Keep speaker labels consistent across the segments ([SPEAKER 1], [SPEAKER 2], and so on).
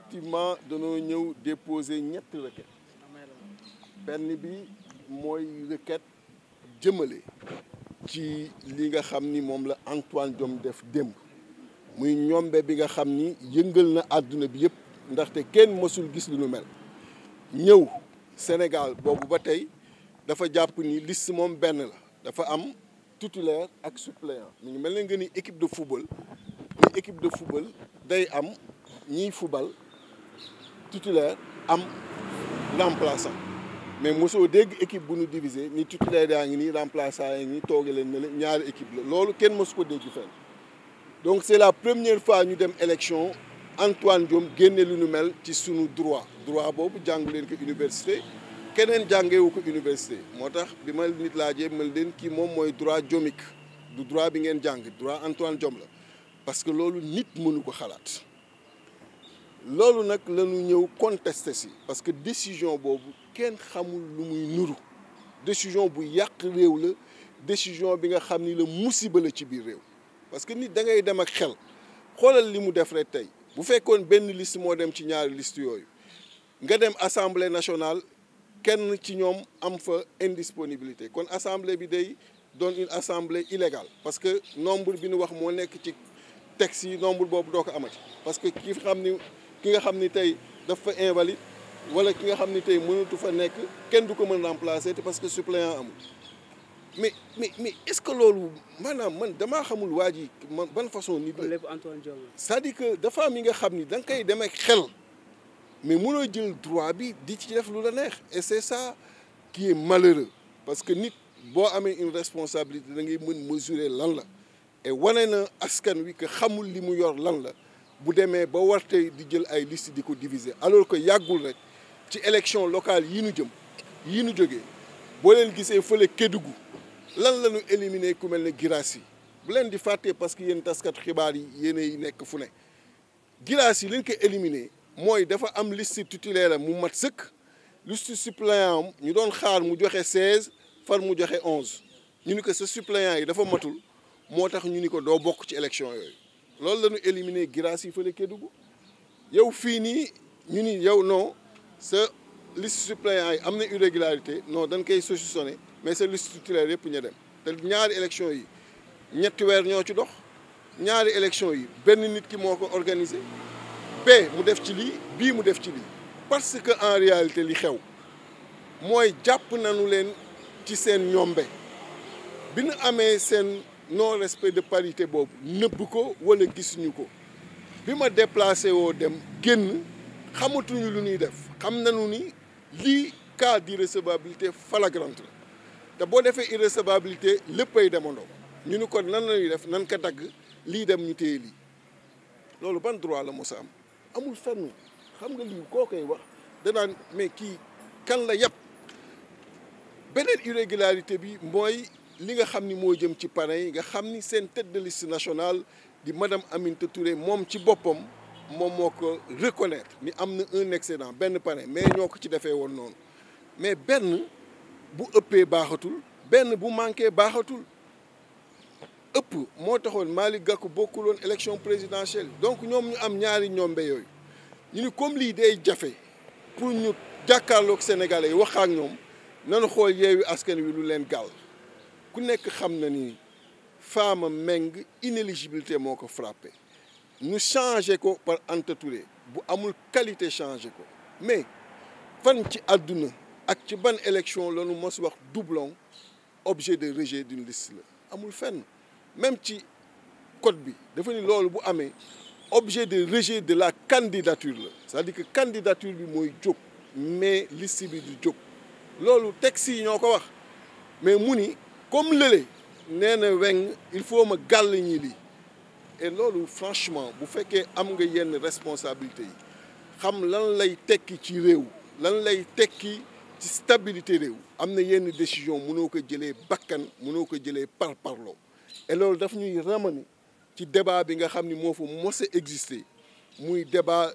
[SPEAKER 1] effectivement danoo ñëw déposer ñetti requête benn bi mooy requête jëmale ci li nga xam ni moom la Antoine Diome def démb muy ñombe bi nga xam ni yëngal na àdduna bi yëpp ndaxte kenn mësul gis lu nu mel ñëw Sénégal boobu ba tey dafa jàpp ni liste moom benn la dafa am titulaire ak suppléant mi ngi mel ne nga ni équipe de football ni équipe de football day am ñiy football titulaire am remplaçant mais mosoo dégg équipe bu ñu divisé ni titulaire yaa ngi nii remplaçant yaa ngi nii tooge leen ne ñaari équipe la loolu kenn mosu ko dégg fenn donc c'est la première fois ñu dem élection Antoine Diome génne lu nu mel ci sunu droit droit boobu jàngu leen ko université keneen jàngewu ko université moo tax bi ma nit laajee ma leen kii moom mooy droit diomique du droit bi ngeen jàng droit Antoine jom la parce que loolu nit mënu ko xalaat loolu nag la ñëw contesté si parce que décision boobu kenn xamul lu muy nuru décision bu yàq réew la décision bi nga xam ni la musiba la ci biir réew parce que nit da ngay dem ak xel xoolal li mu def rek tey bu fekkoon benn list moo dem ci ñaari liste yooyu nga dem assemblée nationale kenn ci ñoom am fa indisponibilité kon assemblée bi day doon une assemblée illégale parce que nombre bi nu wax moo nekk ci texte yi nombre boobu doo ko amati parce que ki nga xam ni tey daf fa invalide wala ki nga xam ni tey mënatu fa nekk kenn du ko mën remplacer te parce que suppléant amul mais mais mais est-ce que loolu maanaam man damaa xamul waa ji man ban façon nit la c'est-à-dire que dafa am yi nga xam ni danga nga koy dem ak xel mais mënoo jël droit bi di ci def lu la neex et c'est ça qui est malheureux parce que nit boo amee une responsabilité da ngay mën mesurer lan la et wane na askan wi que xamul li mu yor lan la bu demee ba warte di jël ay liste di ko diviser alors que yàggul rek ci élection locale yi nu jëm yi nu jógee boo leen gisee fële Kédougou lan la ñu éliminer ku mel ne Girassi bu leen di fàttee parce que yéen taskat xibaar yi yéenay nekk fu ne Girassi yi lañ ko éliminer mooy dafa am liste titulaire mu mat sëkk liste suppléant am ñu doon xaar mu joxe seize far mu joxe onze ñu ni ko sa suppléant yi dafa matul moo tax ñu ni ko doo bokk ci élection yooyu loolu la ñu éliminer Guirassy fa fële Kédougou yow fii nii ñu ni yow non sa liste suppléant yi am na irrégularité non dañ koy saucissonné mais sa liste titulaire yëpp ña dem te ñaari élection yi ñetti weer ñoo ci dox ñaari élection yi benn nit ki moo ko organisé bee mu def ci lii bii mu def ci lii parce que en réalité li xew mooy jàpp nañu leen ci seen ñombe bi nu amee seen non respect de parité boobu nëbb ko wala gisuñu ko bi ma déplacé woo dem génn xamatuñu lu ñuy def xam nanu ni lii cas d'irrecevabilité flagrante la te boo defee irrecevabilité léppay demandoo ñu ni ko nan la def nan ko dagg lii dem ñu téye lii loolu ban droit la mos a am amul fenn xam nga lii koo koy wax danaan mais kii kan la yàpp beneen irrégularité bi mooy li nga xam ni moo jëm ci parrain yi nga xam ni seen tête de liste di madame Aminata Touré moom ci boppam moom moo ko reconnaître ni am na un excédent benn parrain mais ñoo ko ci defee woon noonu mais benn bu ëppee baaxatul benn bu manqué baaxatul ëpp moo taxoon maali Gakou bokkul woon élection présidentielle donc ñoom ñu am ñaari ñombe yooyu ñu ni comme lii day jafe pour ñu jàkkaarlook sénégalais yi wax ak ñoom nanu xool yeewu askan wi lu leen gàll. ku nekk xam na ni Fama Meng inéligibilité moo ko frappé ñu changé ko par Anta bu amul qualité changé ko mais fan ci àdduna ak ci ban élection la ñu mos wax doublon objet de rejet d'une liste la amul fenn même ci code bi dafa ni loolu bu amee objet de rejet de la candidature la c'est-à-dire que candidature bi mooy jóg mais liste bi du jóg loolu texte yi ñoo ko wax mais mu ni comme lële nee na weng il faut ma gàll ñi lii et loolu franchement bu fekkee am nga yenn responsabilité yi xam lan lay tekki ci réew lan lay tekki ci stabilité réew am na yenn décision mënoo ko jëlee bakkan mënoo ko jëlee par parloo et loolu dafa ñuy ramener ci débat bi nga xam ni moo fa mos a exister muy débat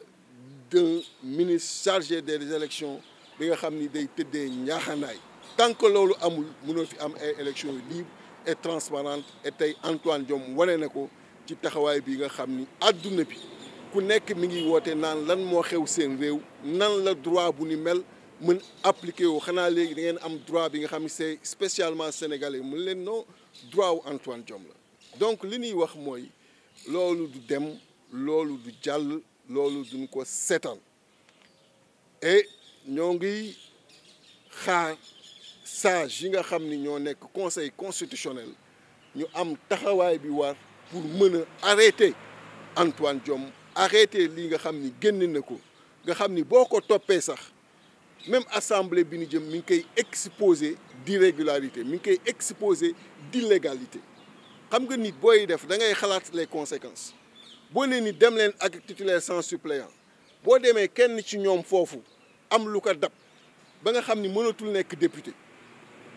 [SPEAKER 1] d'un ministre chargé des élections bi nga xam ni day tëddee ñaaxanaay tant que loolu amul mënoo fi am ay élections libres et transparentes et tey Antoine Diome wane na ko ci taxawaay bi nga xam ni àdduna bi ku nekk mi ngi woote naan lan moo xew seen réew nan la droit bu ni mel mën appliqué wu xanaa léegi da ngeen am droit bi nga xam ni c'est spécialement sénégalais mu leen noo droit wu Antoine Diome la donc li ñuy wax mooy loolu du dem loolu du jàll loolu dun ko seetaan et ñoo ngi xaar sage yi nga xam ni ñoo nekk conseil constitutionnel ñu am taxawaay bi war pour mën a arrêter Antoine Diome arrêter lii nga xam ni génn na ko nga xam ni boo ko toppee sax même assemblée bi ñu jëm mi ngi koy exposer d'irrégularité mi ngi koy exposer légalité xam nga nit booy def da ngay xalaat les conséquences boo nee ni dem leen ak titulaire sans suppléant boo demee kenn ci ñoom foofu am lu ko dab ba nga xam ni mënatul nekk député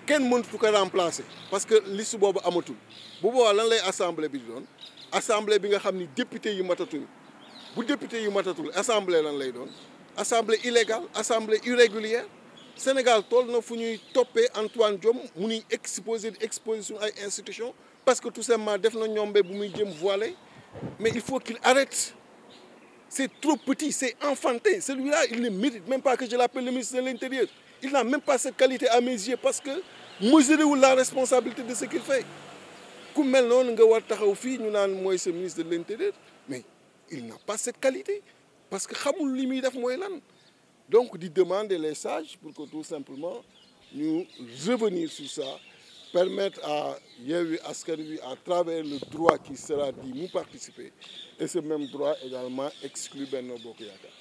[SPEAKER 1] kenn mënatu ko remplacer parce que liste boobu amatul bu boobaa lan lay assemblée bi doon assemblée bi nga xam ni député yu matatul bu député yu matatul assemblée lan lay doon assemblée illégale assemblée irrégulière Sénégal tool na fu ñuy toppee Antoine Diome mu ñuy exposé di exposition ay institutions parce que tout simplement def na ñombee bu muy jëm voilé mais il faut qu'il arrête C'est trop petit, c'est enfantin. Celui-là, il ne mérite même pas que je l'appelle le ministre de l'Intérieur. Il n'a même pas cette qualité à mes yeux parce que mesurez-vous la responsabilité de ce qu'il fait. ku mel noonu nga war taxaw fii ñu naan mooy sa ministre de l'intérieur mais il n'a pas cette qualité parce que xamul li muy def mooy lan donc di demander les sages pour que tout simplement ñu revenir sur ça permettre à Yewwi Askan Wi à travers le droit qui sera dit mu participer et ce même droit également exclut Benno Bokk Yaakaar